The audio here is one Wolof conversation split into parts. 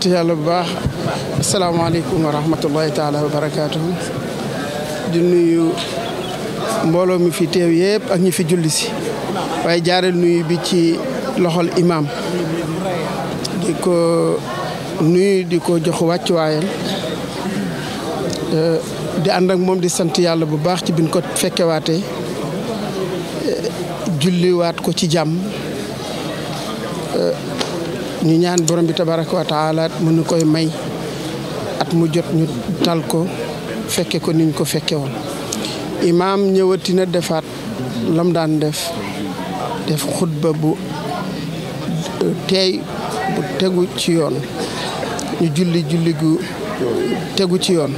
sant yàlla bu baax asalaamaaleykum wa rahmatullahi taala wa barakaatuhu di nuyu mbooloo mi fi teew yëpp ak ñi fi julli ci waaye jaareel nuyu bi ci loxol imaam di ko nuyu di ko jox wàccuwaayam eh, di ànd moom di sant yàlla bu baax ci biñ ko fekkewaatee eh, julliwaat ko ci jàmm eh, ñu ñaan borom bi tabaraka wa taala mu nu koy may at mu jot ñu tal ko fekke ko niñ ko fekke woon imaam ñëwati na defaat lam daan def def xutba bu teey bu tegu ci yoon ñu julli julli gu tegu ci yoon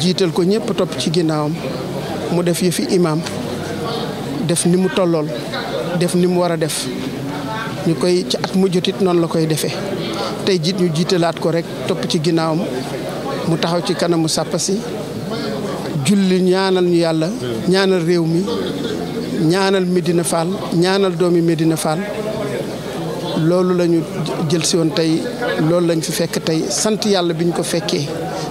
jiital ko ñépp topp ci ginnaawam mu def yëfi imaam def ni mu tollool def ni mu war a def ñu koy ci at mu jotit noonu la koy defee tey jiit ñu jiitalaat ko rek topp ci ginnaawam mu taxaw ci kanamu sàppasi julli ñaanal ñu yàlla ñaanal réew mi ñaanal Medina Fall ñaanal doomi Medina Fall loolu lañu ñu jël si woon tey loolu lañ fi fekk tey sant yàlla bi ñu ko fekkee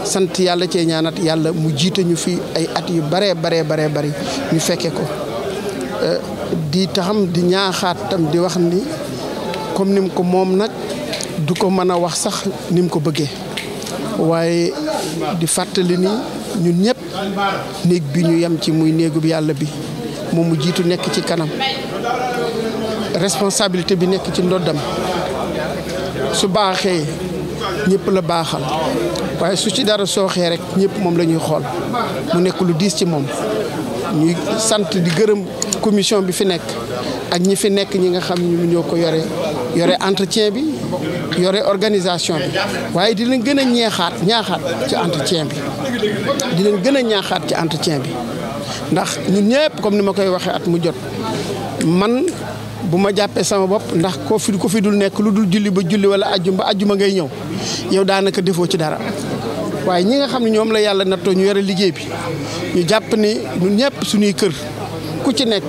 sant yàlla cee ñaanat yàlla mu jiite ñu fi ay at yu baree baree baree bari ñu fekke ko eh, di taxam di ñaaxaat tam di wax ni comme ni mu ko moom nag du ko mën a wax sax ni mu ko bëggee waaye di fàttali ni ñun ñëpp néeg bi ñu yem ci muy néegu yàlla bi moom mu jiitu nekk ci kanam responsabilité bi nekk ci ndoddam su baaxee ñëpp la baaxal waaye su ci dara sooxee rek ñëpp moom lañuy xool mu nekk lu diis ci moom ñuy sant di gërëm commission bi fi nekk ak ñi fi nekk ñi nga xam ñu ñoo ko yore yore entretien bi yore organisation bi waaye di leen gën a ñeexaat ñaaxaat ci entretien bi di leen gën a ñaaxaat ci entretien bi ndax ñu ñëpp comme ni ma koy waxee at mu jot man bu ma jàppee sama bopp ndax ko fi ko fi dul nekk lu dul julli ba julli wala ajjuma ba ajjuma ngay ñëw yow daanaka defoo ci dara waaye ñi nga xam ne ñoom la yàlla nattoo ñu yore liggéey bi ñu jàpp ni ñun ñëpp suñuy kër ku ci nekk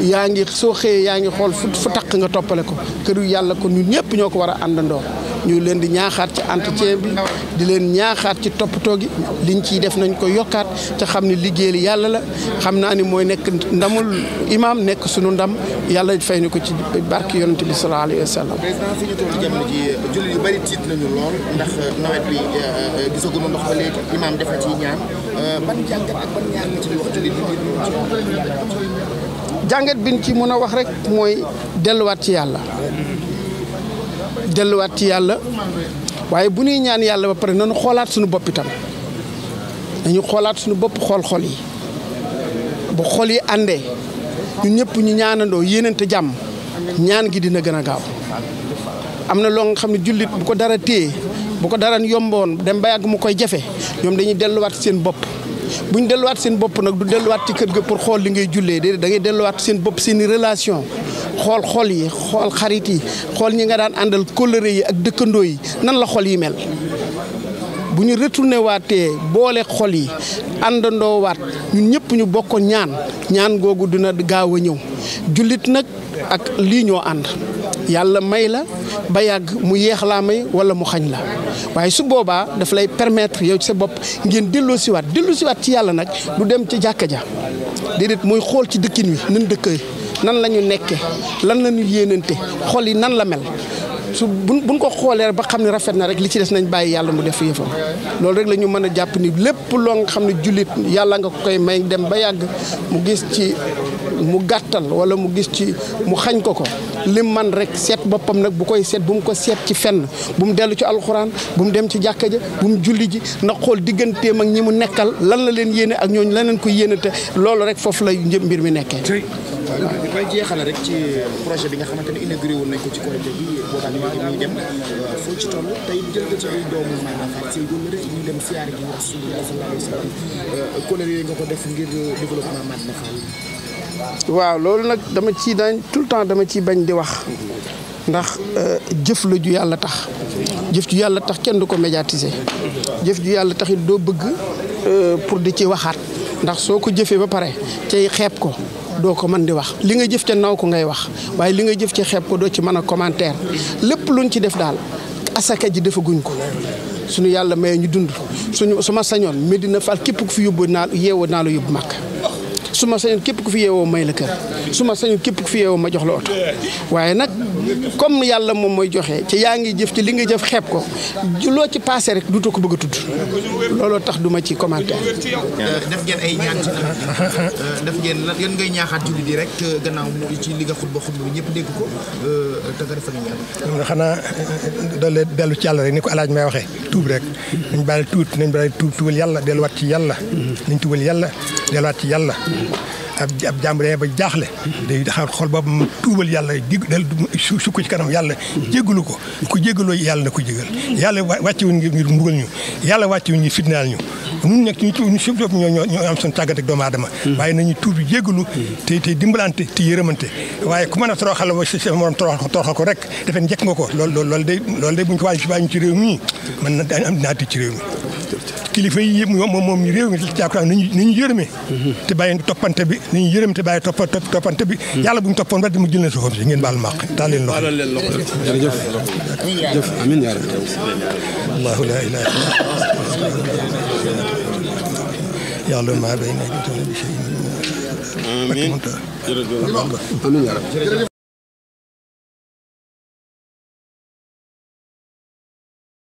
yaa ngi soo xëyee yaa ngi xool fu takk nga toppale ko këru yàlla ko ñun ñëpp ñoo ko war a àndandoo ñu leen di ñaaxaat ci entretien bi di leen ñaaxaat ci toppatoo gi liñ ciy def nañ ko yokkaat te xam ne liggéeyal yàlla la xam naa ni mooy nekk ndamul imaam nekk sunu ndam yàlla fay ni ko ci bark yonent bi sallallahu ci euh, euh, ñaan euh, ban jàngat ak jàngat bin ci mën a wax rek mooy delluwaat ci yàlla delluwaat ci yàlla waaye bu ñuy ñaan yàlla ba pare nañu xoolaat suñu bopp itam nañu xoolaat suñu bopp xool xool yi bu xol yi àndee ñu ñëpp ñu ñaanandoo yéenante jàmm ñaan gi dina gën a gaaw am na loo nga xam ne jullit bu ko dara téye bu ko dara yomboon dem ba yàgg mu koy jafe ñoom dañuy delluwaat seen bopp bu ñu delluwaat seen bopp nag du delluwaat ci kër ga pour xool li ngay jullee déedéet da delluwaat seen bopp seen relation xool xool yi xool xarit yi xool ñi nga daan àndal kóllëre yi ak dëkkandoo yi nan la xool yi mel bu ñu retourné waatee boole xool yi àndandoo waat ñun ñëpp ñu bokk ñaan ñaan googu dina gaaw a ñëw jullit nag ak lii ñoo ànd yàlla may la ba yàgg mu yéex laa may wala mu xañ la waaye su boobaa daf lay permettre yow sa bopp ngeen delloosiwaat delloosiwaat ci yàlla nag du dem ci jàkka ja déedéet mooy xool ci dëkkin wi nan dëkkee nan la ñu nekkee lan la ñu yéenante xool yi nan la mel. su bu buñ ko xoolee ba xam ne rafet na rek li ci des nañ bàyyi yàlla mu def yëfam loolu rek la ñu mën a jàpp ni lépp loo nga xam ne jullit yàlla nga koy may dem ba yàgg mu gis ci mu gàttal wala mu gis ci mu xañ ko ko lim man rek seet boppam nag bu koy seet bu ko seet ci fenn bu mu dellu ci alxuraan bu mu dem ci jàkka ja bu mu julli ji na xool digganteem ak ñi mu nekkal lan la leen yéene ak ñooñu leneen ko yéene te loolu rek foofu la mbir mi nekkee ñu koy rek ci projet bi nga xamante ne inauguré woon nañ ko ci Korité bi euh, euh, yooyu nga ko def ngir waaw loolu nag dama ci dañ tout le temps dama ciy bañ di wax ndax euh, jëf la ju yàlla tax jëf ju yàlla tax kenn du ko médiatiser jëf ju yàlla tax it doo bëgg pour di ci waxaat ndax soo ko jëfee ba pare cay xeeb ko doo ko mën di wax li nga jëf ca naw ko ngay wax waaye li nga jëf ca xeeb ko doo ci mën a commentaire lépp luñ ci def daal asaka ji defaguñ ko suñu yàlla may ñu dund suñu suma sañoon Medina Fall képp ku fi yóbbu naa yeewoo naa la yóbbu màkk su ma sañoon képp ku fi may la kër su ma sañoon képp ku fi yeewoo ma jox la oto waaye nag comme yàlla moom mooy joxe ci yaa ngi jëf ci li nga jëf xeeb ko loo ci passé rek duto ko bëgg a tudd looloo tax duma ci commentaire. Euh, def ngeen ay ñaan ci euh, def ngeen lan ñaaxaat euh, ci di rek gannaaw ci li ñëpp dégg ko te xanaa doole dellu ci yàlla rek ni ko alaaj may waxee. tuub rek nañ baal tuut nañ baal tuub tuubal yàlla delluwaat ci yàlla nañ tuubal yàlla delluwaat ci yàlla ab ab jàmbur ba jaaxle. day xaar xol ba mu tuubal yàlla dig dal su sukk ci kanam yàlla. jéggalu ko ku jéggaloo yàlla na ko jégal. yàlla wàcce wuñ ngir mbugal ñu yàlla wàcce wuñ ngir fitnaal ñu. ñun nag ñu ñu suuf ñoo ñoo ñoo am suñu tàggante ak doomu aadama. waaye nañu tuubi jéggalu. te te dimbalante te yërëmante. waaye ku mën a toroxal wa si sa morom toroxal toroxal ko rek defe njëkk nga ko lool lool loolu day loolu day buñ ko wàññi si wàññi ci réew mi am naa ci réew mi kilifa yi yëpp moom moom réew mi jàkkaarloo nañu nañu yërëme te bàyyi toppante bi nañu yërëm te bàyyi topp toppante bi yàlla bu ñu toppoon ba mu jël leen soxam si ngeen baal ma àq daal leen loxo jërëjëf jërëjëf amiin yaa rabbi allahu laa ilaaha illa yàlla maa bay nekk amiin amiin yaa rabbi